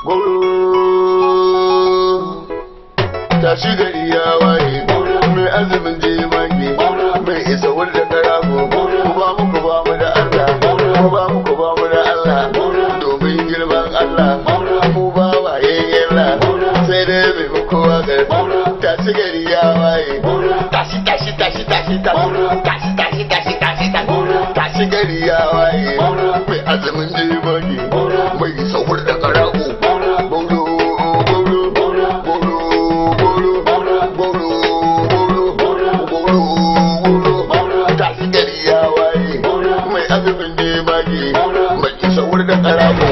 Goro tashi gari ya waye mai azumin jimage mai isa wanda karago ku ba muku ba mu da Allah ku ba muku ba mu da Allah domin girman Allah mu ba waye yalla sai dai bai muku wagar tashi gari ya waye tashi tashi tashi tashi tashi tashi tashi tashi tashi tashi tashi gari ya waye mai azumin jimage mai isa wanda baki baki saurin da karamu